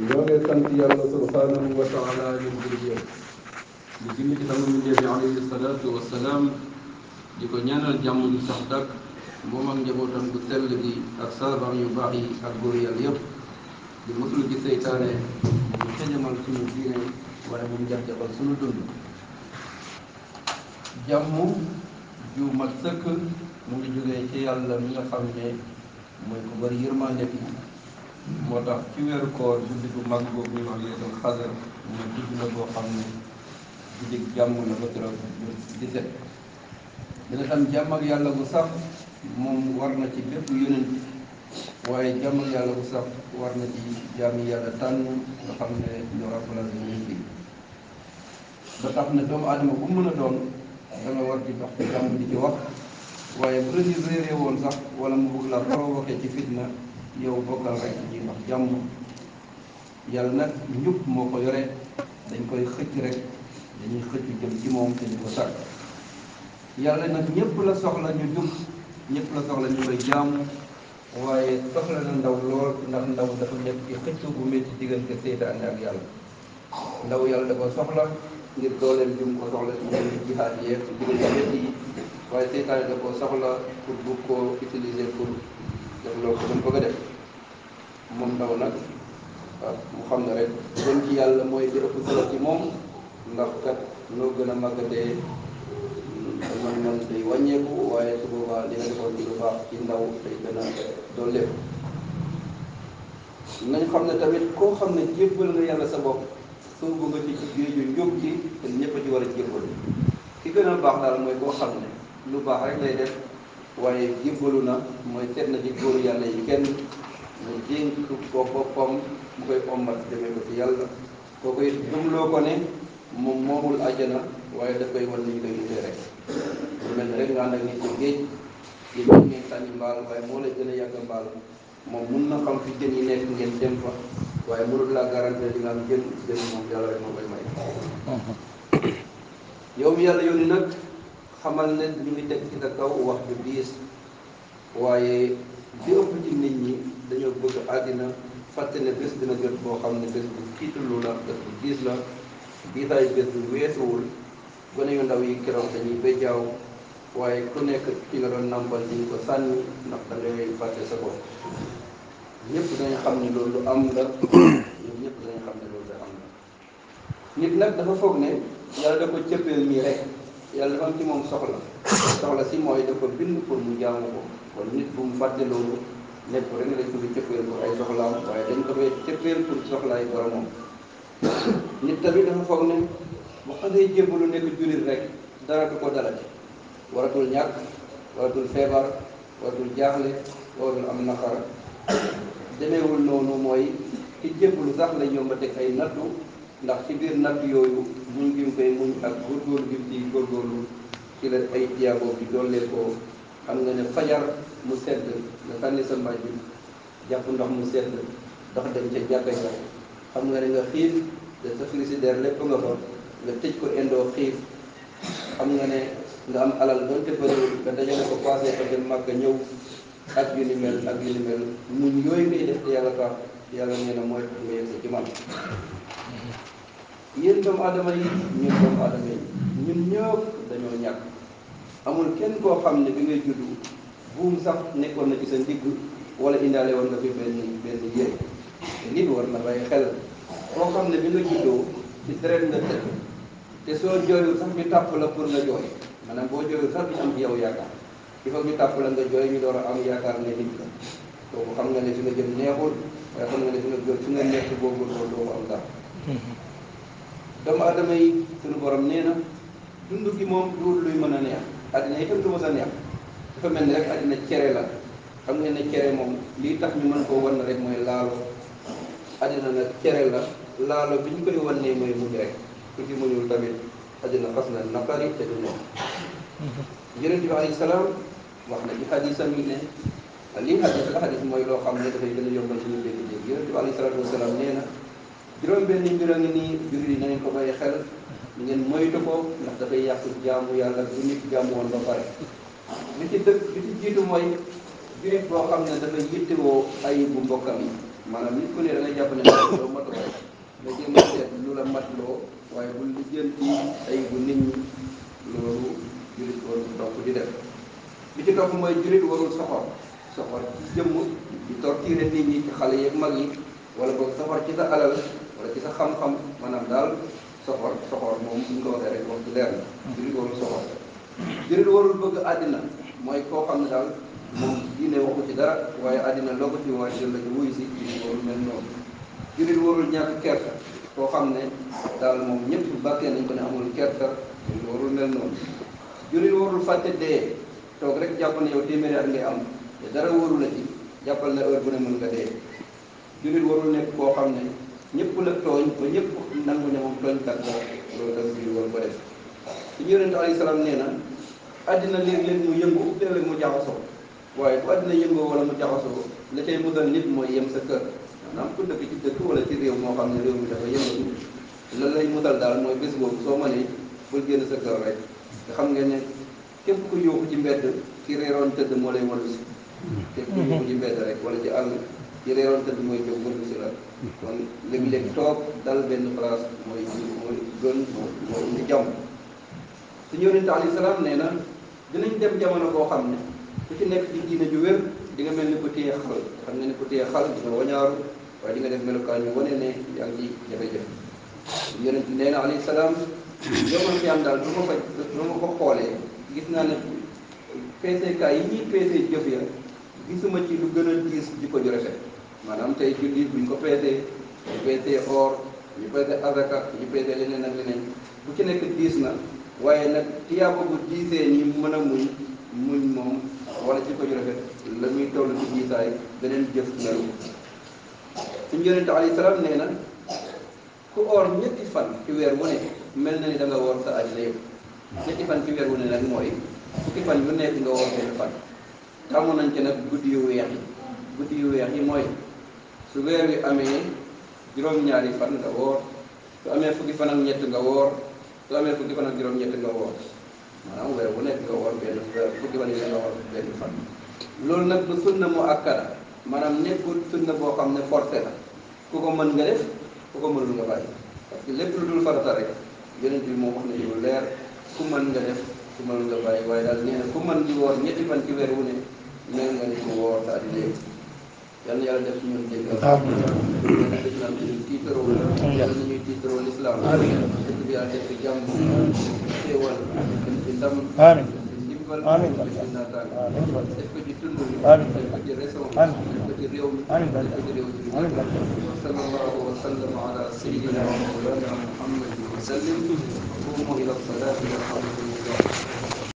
ñoo ngi sant yàlla subhaanahu wa taala ñun jullit yëpp di julli ci sama mbindéef bi alayhi wa salaam di ko ñaanal jàmm ju sax dàkk moom ak njabootam bu sell gi ak saabaam yu baax yi ak góor yàlla yëpp di mësul gi seytaane mu xëjamal suñu diine wala mu jax-jaxal suñu dund jàmm ju mat sëkk mu ngi jógee ci yàlla mi nga xam ne mooy ko bari yërmande bi moo tax ci weeru koor guddi gu mag boobu ñuy wax laylatul xadar mooy guddi la boo xam ne guddi jàmm la ba keroog di set dina tam jàmm yàlla bu sax moom war na ci bépp yonent waaye jàmm ak yàlla bu sax war na ci jàmm yàlla tànn nga xam ne ñoo remplacé nañ fi ba tax na doomu aadama bu mën a doon danga war di dox ci jàmm di ci wax waaye bu la nit réeree woon sax wala mu bëgg la provoqué ci fitna yow bokkal rek ñuy wax jàmm yàlla nag njub moo ko yore dañ koy xëcc rek dañuy xëcc jëm ci moom dañ ko sàkk yàlla nag ñëpp la soxla ñu jub ñëpp la soxla ñu koy jàmm waaye soxla na ndaw lool ndax ndaw dafa nekk yàlla ndaw yàlla da ko soxla ngir dooleel jum ko soxla ci ngir jihaad yeeg ci diggante waaye seytaane da ko soxla pour bu ko utiliser pour def loo ko gën bëgg a def moom ndaw nag ah, mu xam ne rek gën ci yàlla mooy di ëpp solo ci moom ndax kat loo gën a màggatee man mm, man day wàññeeku waaye su boobaa li nga defoon ci lu baax ci ndaw day gën a dolleeku nañ xam ne tamit koo xam ne jébbal nga yàlla sa bopp soobu nga ci géeju njub ji te ñëpp ci war a jébbal ki gën a baax daal mooy koo xam ne lu baax rek lay def waaye jébbalu na mooy seet na ci góor yàlla yi kenn mu dénk ko boppam mu koy ombat demee ko ci yàlla koo koy loo ko ne moom moomul àjjana waaye daf koy wan ni ñu koy gisee rek lu mel ne rek nga ànd ak nit géej di mën ngeen sànni mbaal waaye moo lay gën a yàgg mbaal moom mun na xam fi jën yi nekk ngeen dem fa waaye mënul laa garantie di nga am jën jën moom yàlla rek koy may mhm. yow mi yàlla yónni nag xamal ne ñu ngi teg ci sa kaw wax ju diis waaye li ëpp ci nit ñi dañoo bëgg àddina fàtte ne bés dina jot boo xam ne bés bu tiitalu la bés bu diis la diisaayu bés bu weesuwul gone yu ndaw yi keroog dañuy béjaaw waaye ku nekk ci nga doon nàmpal di ko sànni ndax da fàtte sa bopp ñëpp dañu xam ne loolu am la ñoom dañu xam ne loolu am la nit nag dafa foog ne yàlla da ko cëppeel nii rek yàlla dafa am ci moom soxla soxla si mooy dafa bind pour mu jaamu ko kon nit bu mu fàtte loolu nekk rek lañ ko fi cëppeel ay soxlaam waaye dañ ko fee cëppeel pour soxlaay boromam nit tamit dafa foog ne bu xasee jébbalu nekk jullit rek dara du ko dalati waratul ñàkk waratul feebar waratul jaaxle waratul am naqar demeewul noonu mooy ci jébbalu sax la yomb a teg ay nattu ndax ci biir natt yooyu muñ gi mu koy muñ ak góorgóorlu gi ci góorgóorlu ci la ay tiyaaboo bi dollee ko xam nga ne fajar mu sedd nga sànni sa mbaaj jàpp ndox mu sedd dox dem ca jàkka ja xam nga ne nga xiif de sa frigidaire lépp nga fa nga tëj ko indoo xiif xam nga ne nga am alal doonte bëriwul nga dajale ko passé ko dem màgg ñëw ak yu mel ak yu mel muñ yooyu ngay def te yàlla tax yàlla nee na mooy tax nga yegg sa ci man yéen doomu aadama yi ñun doomu dañoo ñàkk amul kenn koo xam ne bi ngay juddu buum sax nekkoon na ci sa ndigg wala indaale woon nga fi benn benn yére te nit war na bàyyi xel koo xam ne bi nga juddoo ci deret nga tëdd te soo jooyul sax ñu tàpp la pour nga jooy maanaam boo jooyul sax ñu am ci yow yaakaar il faut ñu tàpp la nga jooy ñu door a am yaakaar ne nit la kooku xam nga ne fi nga jëm neexul waaye xam nga ne fi nga jëm fi nga nekk boobu doo ko am dara hmm. doomu aadama yi suñu borom nee na dund gi moom du luy mën a neex àddina itam du mës a neex dafa mel ni rek àddina cere la xam ngeen ne cere moom lii tax ñu mën koo wan rek mooy laalo àddina nag cere la laalo bi ñu koy wannee mooy muñ rek ku ci muñul tamit àddina fas na naqari te du neex yonent bi alayhi salaam wax na ci xadisam yi ne lii xadis la xadis mooy loo xam ne dafay gën a yombal suñu dégg-dégg yonent bi alayhi salaatu wasalaam nee na juróom benn mbir a ngi nii mbir yi nañ ko bàyyi xel ngeen moytu ko ndax dafay yàq jaamu yàlla bu nit jaamu woon ba pare li ci dëkk li ci jiitu mooy jurit boo xam ne dafa yittewoo ayi bu mbokkam yi maanaam nit ku ne da nga jàpp ne doo matuwaay nga a seet lu la matloo waaye bul lu jël ci ayi nit ñi loolu jurit warul di def li ci topp mooy jurit warul soxor soxor ci jëmm di tortiire nit ñi ci xale yeeg mag yi wala boog soxor ci sa alal wala ci sa xam-xam maanaam daal soxor soxor moom bu ñu ko waxee rek wax du leer la. Hmm. jullit warul soxor jullit warul bëgg àddina mooy koo xam ne daal moom diine waaye àddina loo ko ci waa si jullit warul mel noonu jullit warul ñàkk kersa koo xam ne daal moom ñëpp bàkkee nañ ko ne amul kersa jullit warul mel noonu jullit warul fàtte dee toog rek jàpp ne yow téeméeri at ngay am te dara warul la ci jàppal na heure bu ne mën nga dee jullit warul nekk koo xam ne ñëpp la tooñ ba ñëpp nangu ne moom tooñkat la loolu da nga war ko def suñu yonente alayhi salaam nee àddina léeg-léeg mu yëngu léeg-léeg mu jaxasoo waaye bu àddina yëngoo wala mu jaxasoo la tey mu dal nit mooy yem sa kër maanaam ku dëkk ci dëkk wala ci réew moo xam ne réew mi dafa yëngatu lan lay mu daal mooy bés boobu soo mënee bul génn sa kër rek nga xam ngeen ne képp ku yóbbu ci mbedd ci réeroon tëdd moo lay walu si képp ku yóbbu ci mbedd rek wala ci àll ci réeroon tëdd mooy jóg wër si la kon léegi-léegi toog dal benn place mooy mooy gën mooy indi jàmm suñu yonente alayhi salaam nee na dinañ dem jamono koo xam ne ku ci nekk di diine ju wér di nga mel ni ku téye xal xam nga ne ku téye xal di nga wañaaru waaye di def melokaan yu wane ne yaa ngi ci jafe-jafe yonent nee na alayhi salaam yomal daal du ma ko du ma ko xoolee gis naa ne PCK yi ñuy PC jëf ya gisuma ci lu gën a diis jikko ju rafet maanaam tey julli buñ ko pété pété or ñu pété azaka ñu pété leneen ak leneen bu ci nekk diis na waye nak tiyaaba bu diisee ni mëna a muñ muñ moom wala ko ju rafet la muy toll ci diisaay benen jëf na naru ci yonente ta ali nee neena ku or ñetti fan ci wër wu ne mel na ni da nga wor sa àddina yëpp ñetti fan ci wër wu ne nak moy ñetti fan yu nekk nga wor sa fan tàmm nañ ci nag guddi yu weex yi guddi yu weex yi mooy su weer wi amee juróom-ñaari fan nga woor su amee fukki fan ak ñett nga woor su amee fukki fan ak juróom-ñett nga woor maanaam weer bu nekk nga woor benn fukki fan yi nga woor benn fan loolu nag du sunna mu akkada maanaam nekkul sunna boo xam ne forcé la ku ko mën nga def ku ko mënul nga bàyyi parce que lépp lu dul farata rek yonent bi moo wax na ci leer ku mën nga def ku mën nga bàyyi waaye daal nee na ku mën di woor ñetti fan ci weer wu ne mel nga ni ko woor te at léegi yal na yàlla def ci ñun dégg yàlla na lislaam ci ñun tiitaroo yàlla na ñuy tiitaroo lislaam dëkk bi yàlla def ci jàmm xéewal dem ci ndam آمين آمين آمين آمين صلى الله وسلم على سيدنا مولانا محمد وسلم قوموا إلى الصلاة يا حبيب الله